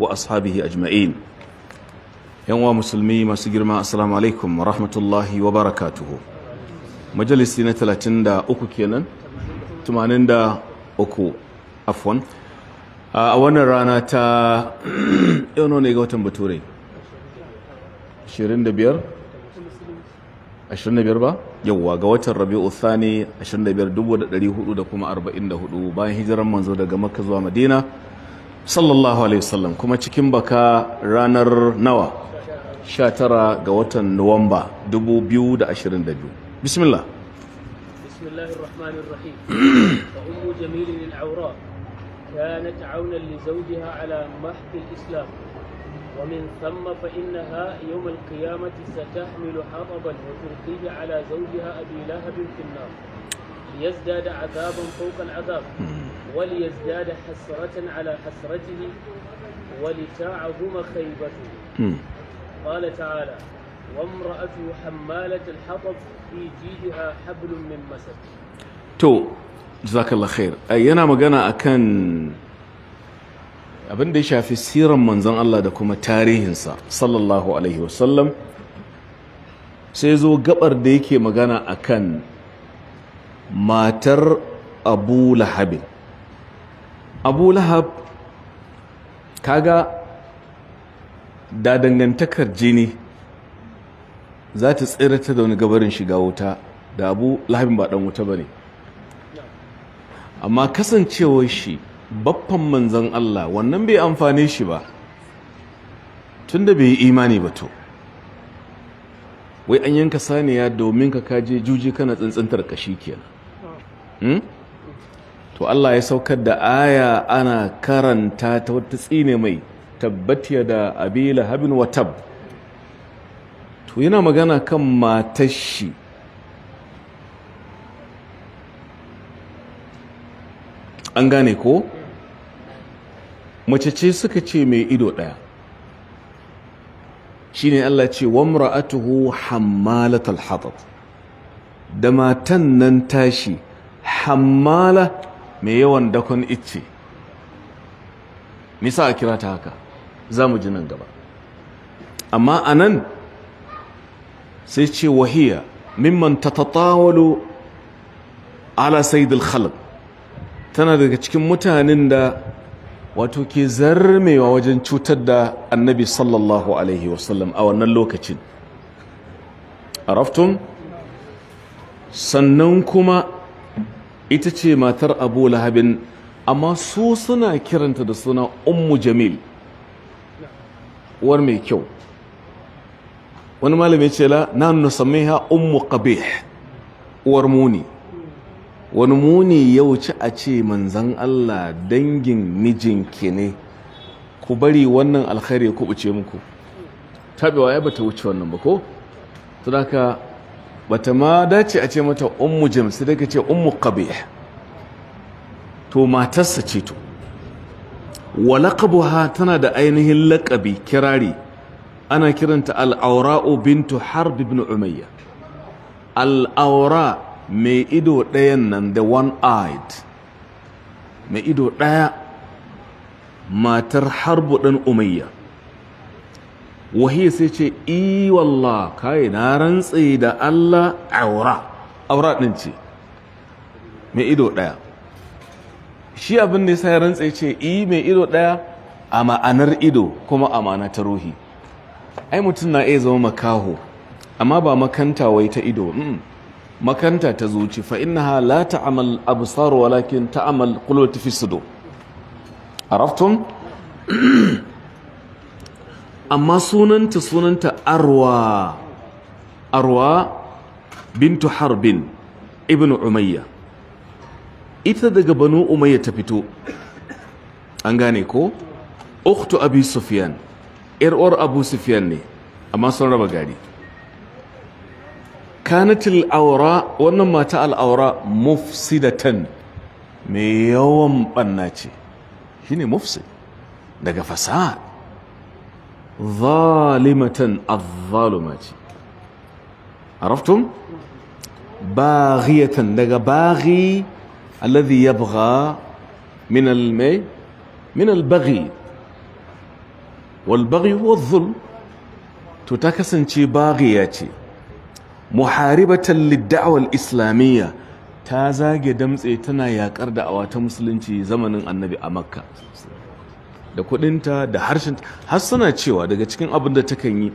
wa ashabihi ajma'in yan wa musulmi masu girma assalamu alaikum wa rahmatullahi wa barakatuhu majalisi na 33 kenan 83 afwan a wannan rana ta yau ne ga watan bature 25 25 ba yawwa ga watan rabi'u thani 25 444 bayan hijiran manzo daga makka zuwa madina sallallahu alaihi wasallam kuma cikin baka ranar nawa 19 ga watan nuwamba 2022 bismillah بسم الله الرحمن الرحيم وأم جميل العوراء كانت عونا لزوجها على محق الإسلام ومن ثم فإنها يوم القيامة ستحمل حطبا وتلقيه على زوجها أبي لهب في النار ليزداد عذابا فوق العذاب وليزداد حسرة على حسرته ولتعظم خيبته قال تعالى وامرأته حمالة الحطب في جيدها حبل من مسد تو جزاك الله خير أينا مقنا أكن abin da ya shafi siran manzon Allah da kuma tarihinsa sallallahu alaihi wasallam sai zo gabar da yake magana akan matar abu lahabin abu lahab kaga da dangantakar jini za ta tsirata da wani gabarin shiga wuta da abu lahabin ba dan wuta ba ne amma kasancewar shi baffan manzan Allah wannan bai amfane shi ba tun da bai yi imani ba to wai an yanka saniya domin ka kaje juji kana tsintsintar kashi kenan hmm? to Allah ya saukar da aya ana karanta ta wata tsine mai tabbatiya da abila habin watab to yana magana kan matashi. an gane ko mace ce suka ce mai ido ɗaya shi ne Allah ce wamra'atuhu hammalatal hatab da matan nan tashi hammala mai yawan dakon icce nisa a kira ta haka za mu ji nan gaba amma a nan sai ce wahiya mimman ta tattawalo ala saidul khalq tana daga cikin mutanen da wato ke zarmewa wajen cutar da annabi sallallahu alaihi wasallam a wannan lokacin a raftun sannan kuma ita ce matar abu lahabin amma su suna kiranta da suna ummu jamil war mai kyau wani malami ce la na ha ummu qabih uwar muni wani muni yau ci a ce manzan Allah dangin mijinki ne ku bari wannan alkhairi ku kubuce muku tabewa ya bata wuce wannan ba ko tunaka bata ma dace a ce mata ummu james sai daga ce ummu qabih to matarsa ce to wa laqabuha tana da ainihin lakabi kirari ana kiranta al'aura ubintu bintu harb ibn umayya al'aura mai ido dayan nan da one eyed mai ido daya. matar harbu dan umayya wahiyya sai ce i kai na rantse da Allah aura aura din ce mai ido daya shi abin da sai rantse ce i mai ido daya a ma'anar ido kuma ma'ana ta ruhi ai mutum na iya zama makaho amma ba makanta wai ta ido makanta ta zuci fa innaha la ta'mal absar walakin ta'mal qulub fi sudur araftum amma sunanta sunanta arwa arwa bintu harbin ibn umayya ita daga banu umayya ta fito an gane ko uktu abi sufyan yar uwar abu sufyan ne amma sun raba gari kanat al wannan mata al'aura mufsidatan mai yawan banna ce shine mufsid daga fasad zalimatan azzaluma ce araftum baghiyatan daga baghi alladhi yabgha min al-may min al-baghi wal to ta kasance baghiya ce muharibatan lid-da'wa islamiyya ta zage damtse tana yakar da'awa ta musulunci zamanin annabi a makka da kudinta da harshen har suna cewa daga cikin abin da takan yi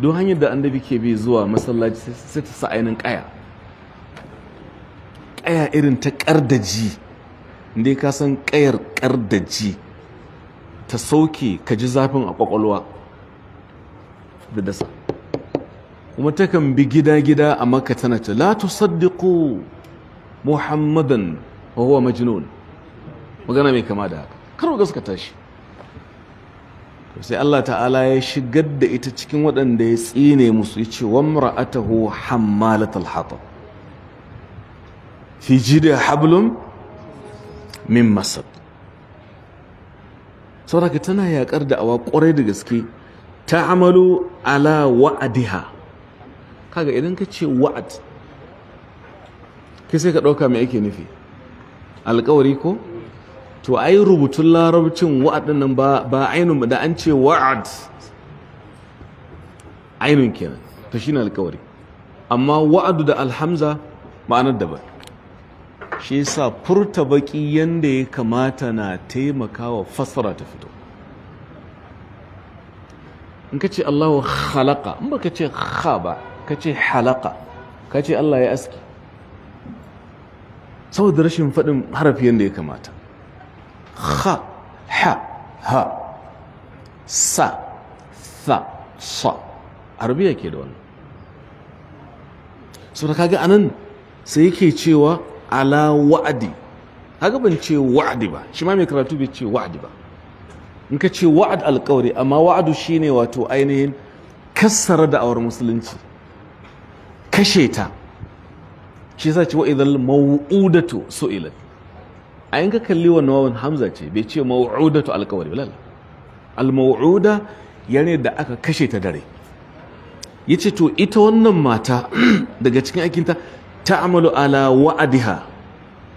don hanyar da annabi ke bi zuwa masallaci sai ta sa ainihin kaya kaya irin ta kardaji inda ka san kayar kardaji ta sauke ka ji zafin a kwakwalwa da dasa kuma takan bi gida-gida a maka tana ce la saddiku muhammadan wa huwa majnun magana mai kama da haka karo gaskata shi sai Allah ta'ala ya shigar da ita cikin waɗanda ya tsine musu ya ce wa mura'atahu hammalatal hatab fi jida hablum min masad saboda tana yakar da awa kwarai da gaske ta amalu ala wa'adiha kaga idan ka ce wa'ad kai sai ka ɗauka mai ake nufi alkawari ko to ai rubutun larabcin wa'ad ba ba da an ce wa'ad ainun kenan to shine alƙawari amma wa'adu da alhamza ma'anar daban shi sa furta baƙi yanda ya kamata na taimakawa fasara ta fito in ka ce Allahu khalaqa in ka ce kha ba ka ce halaqa ka ce Allah ya aski saboda rashin faɗin harafi yanda ya kamata ha ha ha sa sa sa arabiya ke da wannan saboda ga kaga anan sai yake cewa ala wa'adi kaga ban ce wa'adi ba shi ma mai karatu bai ce wa'adi ba in ka ce wa'ad alƙawari amma wa'adu shine wato ainihin kassara da awar musulunci kashe ta shi yasa ce wa idal maw'udatu su'ilat a yin ka kalli wa wawan hamza ce bai ce mawu'udatu alkawari lal almawu'uda yare da aka kashe ta dare ya ce to ita wannan mata daga cikin aikinta ta amalu ala wa'adiha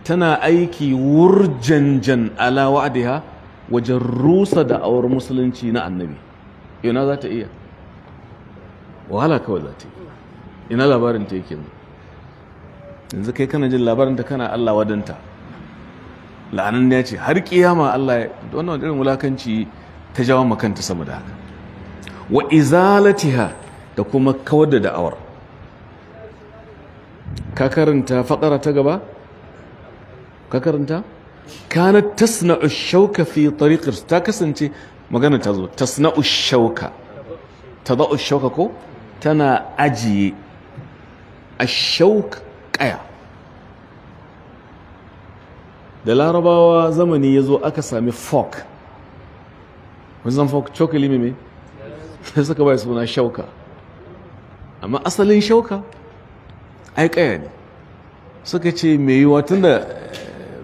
tana aiki wurjanjan ala wa'adiha wajen rusa da awar musulunci na annabi yana za ta iya wahala kawai za ta ina labarin ta yake yanzu kai kana jin labarin ta kana allah wadanta la'anan ya ce har kiyama Allah wannan irin wulakanci ta jawo makanta sama da haka wa izalatiha da kuma kawar da da'awar ka karanta faƙara ta gaba ka karanta Kana tasna'u shauka fi tariqir ta kasance magana ta zo tasna'u shauka tada'u shauka ko tana ajiye ashauk qaya da larabawa zamani ya zo aka sami fork wani zan fork cokali mai mai sai suka bai suna shauka amma asalin shauka ai kaya ne suka ce mai yiwa tun da eh,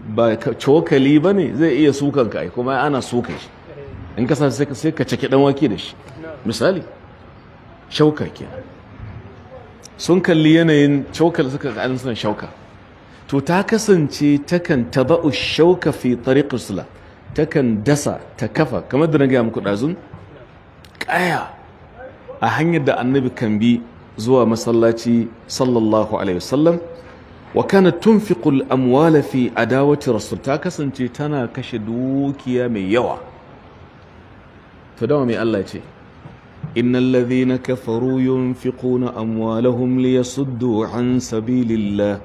ba cokali ba ne zai iya sukan ka kuma ana suka shi in kasa sai ka caki dan wake da shi misali shauka kenan sun kalli yanayin cokali suka ga suna shauka to ta kasance takan taba'u shauka fi tariqis sala takan dasa ta kafa kamar da na gaya muku dazun kaya a hanyar da annabi kan bi zuwa masallaci sallallahu alaihi wasallam wa kana tunfiqu al fi adawati rasul ta kasance tana kashe dukiya mai yawa to dama mai Allah ce innal ladhina kafaru yunfiquna amwalahum liyasuddu an sabilillah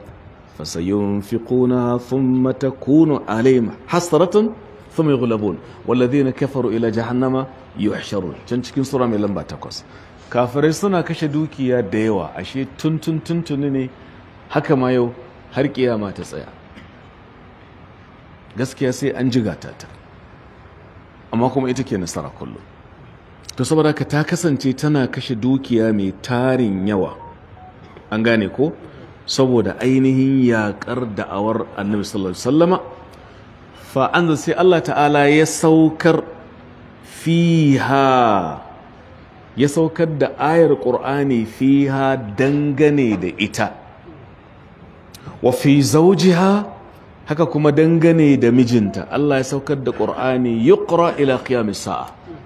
فسينفقونها ثم تكون عليهم حسرة ثم يغلبون والذين كفروا إلى جهنم يحشرون can cikin sura mai lamba takwas kafirai suna kashe dukiya da yawa ashe tun tun ne haka ma yau har kiyama ta tsaya gaskiya sai an jiga ta ta amma kuma ita ke nasara kullum to saboda ka ta kasance tana kashe dukiya mai tarin yawa an gane ko saboda ainihin yaƙar da'awar annabi sallallahu alaihi wasallama fa sai Allah ta'ala ya saukar fiha ya saukar da ayar ƙur'ani fiha dangane da ita wa fi zaujiha haka kuma dangane da mijinta Allah ya saukar da ƙur'ani yuqra ila qiyamis sa'a